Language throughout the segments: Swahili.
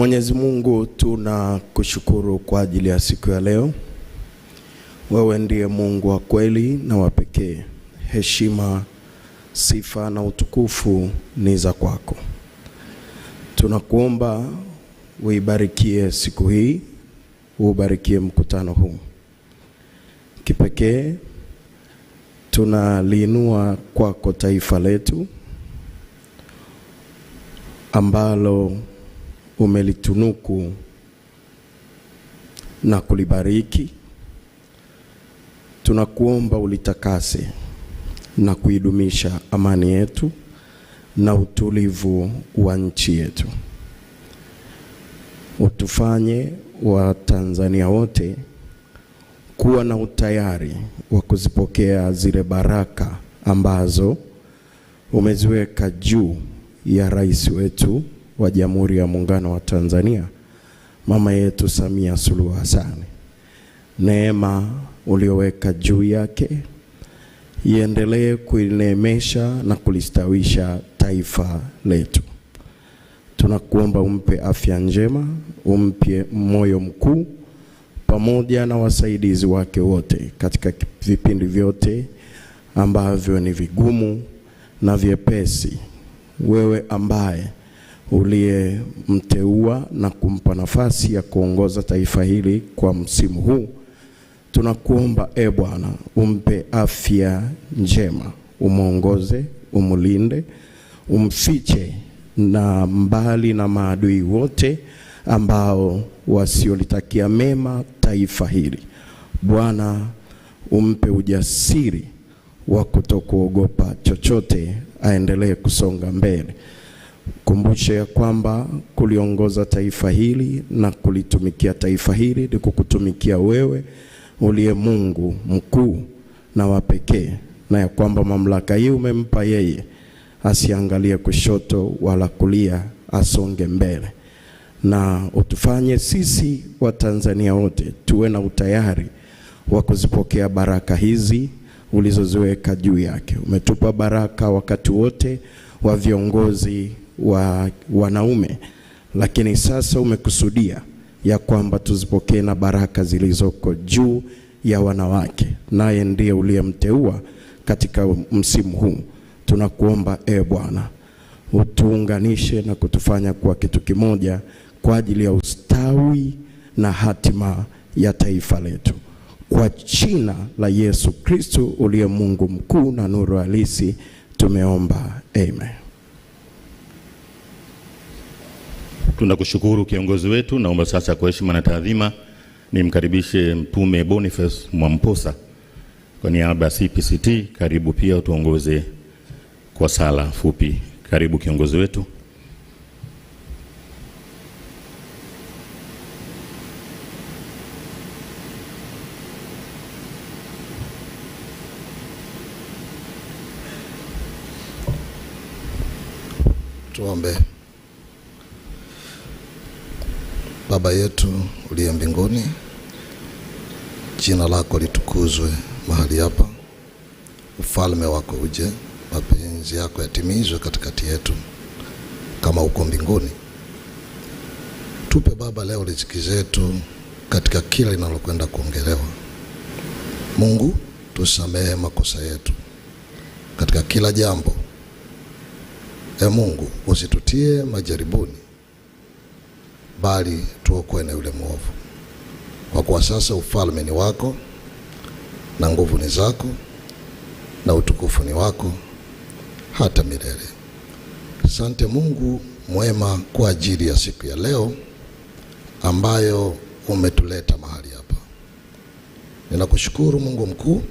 Mwenyezi Mungu, tunakushukuru kwa ajili ya siku ya leo. Wewe ndiye Mungu wa kweli na wa pekee. Heshima, sifa na utukufu ni za kwako. Tunakuomba uibarikie siku hii, uubarikie mkutano huu kipekee. Tunaliinua kwako taifa letu ambalo umelitunuku na kulibariki. Tunakuomba ulitakase na kuidumisha amani yetu na utulivu wa nchi yetu, utufanye Watanzania wote kuwa na utayari wa kuzipokea zile baraka ambazo umeziweka juu ya rais wetu wa Jamhuri ya Muungano wa Tanzania, mama yetu Samia Suluhu Hassan, neema ulioweka juu yake iendelee kulineemesha na kulistawisha taifa letu. Tunakuomba umpe afya njema, umpe moyo mkuu, pamoja na wasaidizi wake wote katika vipindi vyote ambavyo ni vigumu na vyepesi. Wewe ambaye uliyemteua na kumpa nafasi ya kuongoza taifa hili kwa msimu huu. Tunakuomba e Bwana, umpe afya njema, umwongoze, umlinde, umfiche na mbali na maadui wote ambao wasiolitakia mema taifa hili. Bwana, umpe ujasiri wa kutokuogopa chochote, aendelee kusonga mbele. Kumbushe ya kwamba kuliongoza taifa hili na kulitumikia taifa hili ni kukutumikia wewe uliye Mungu mkuu na wa pekee, na ya kwamba mamlaka hii umempa yeye, asiangalie kushoto wala kulia, asonge mbele, na utufanye sisi Watanzania wote tuwe na utayari wa kuzipokea baraka hizi ulizoziweka juu yake. Umetupa baraka wakati wote wa viongozi wa wanaume, lakini sasa umekusudia ya kwamba tuzipokee na baraka zilizoko juu ya wanawake, naye ndiye uliyemteua katika msimu huu. Tunakuomba e Bwana, utuunganishe na kutufanya kuwa kitu kimoja kwa ajili ya ustawi na hatima ya taifa letu, kwa jina la Yesu Kristo uliye Mungu mkuu na nuru halisi, tumeomba amen. Tunakushukuru kiongozi wetu. Naomba sasa kwa heshima na taadhima nimkaribishe Mtume Boniface Mwamposa kwa niaba ya CPCT. Karibu pia tuongoze kwa sala fupi. Karibu kiongozi wetu. Tuombe. Baba yetu uliye mbinguni, jina lako litukuzwe mahali hapa, ufalme wako uje, mapenzi yako yatimizwe katikati yetu kama uko mbinguni. Tupe Baba leo riziki zetu katika kila linalokwenda kuongelewa. Mungu, tusamehe makosa yetu katika kila jambo. E Mungu, usitutie majaribuni bali tuokoe na yule mwovu, kwa kuwa sasa ufalme ni wako na nguvu ni zako na utukufu ni wako hata milele. sante Mungu mwema kwa ajili ya siku ya leo ambayo umetuleta mahali hapa. Ninakushukuru Mungu mkuu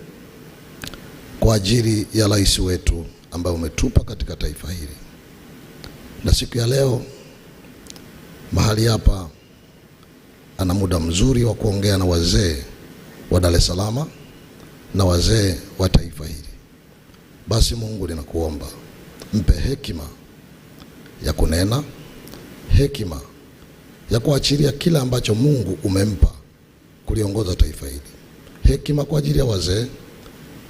kwa ajili ya rais wetu ambayo umetupa katika taifa hili na siku ya leo mahali hapa ana muda mzuri wa kuongea na wazee wa Dar es Salaam na wazee wa taifa hili. Basi Mungu, ninakuomba mpe hekima ya kunena, hekima ya kuachilia kila ambacho Mungu umempa kuliongoza taifa hili, hekima kwa ajili ya wazee,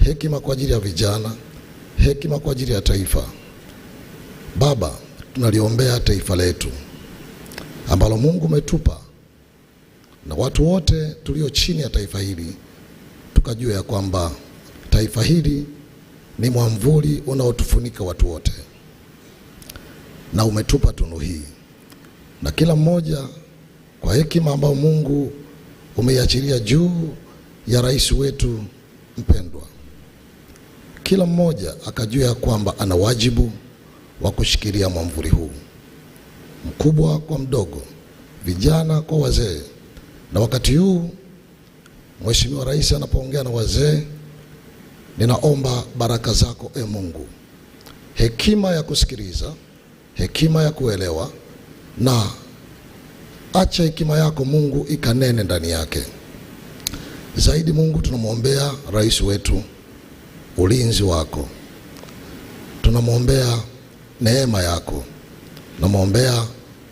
hekima kwa ajili ya vijana, hekima kwa ajili ya taifa. Baba, tunaliombea taifa letu ambalo Mungu umetupa na watu wote tulio chini ya taifa hili tukajua ya kwamba taifa hili ni mwamvuli unaotufunika watu wote, na umetupa tunu hii, na kila mmoja kwa hekima ambayo Mungu umeiachilia juu ya rais wetu mpendwa, kila mmoja akajua ya kwamba ana wajibu wa kushikilia mwamvuli huu mkubwa kwa mdogo, vijana kwa wazee. Na wakati huu Mheshimiwa Rais anapoongea na wazee, ninaomba baraka zako e Mungu, hekima ya kusikiliza, hekima ya kuelewa, na acha hekima yako Mungu ikanene ndani yake zaidi. Mungu, tunamwombea rais wetu, ulinzi wako, tunamwombea neema yako Namwombea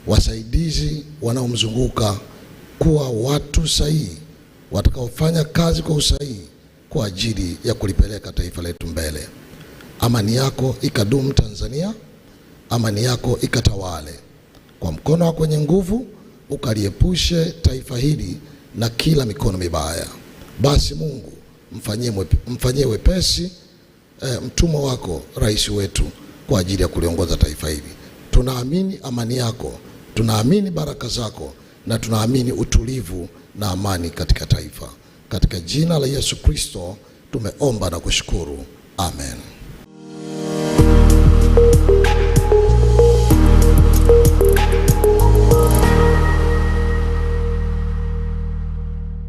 wasaidizi wanaomzunguka kuwa watu sahihi watakaofanya kazi kwa usahihi kwa ajili ya kulipeleka taifa letu mbele. Amani yako ikadumu Tanzania, amani yako ikatawale. Kwa mkono wako wenye nguvu ukaliepushe taifa hili na kila mikono mibaya. Basi Mungu mfanyie mfanyie wepesi e, mtumwa wako rais wetu kwa ajili ya kuliongoza taifa hili tunaamini amani yako, tunaamini baraka zako, na tunaamini utulivu na amani katika taifa. Katika jina la Yesu Kristo tumeomba na kushukuru, amen.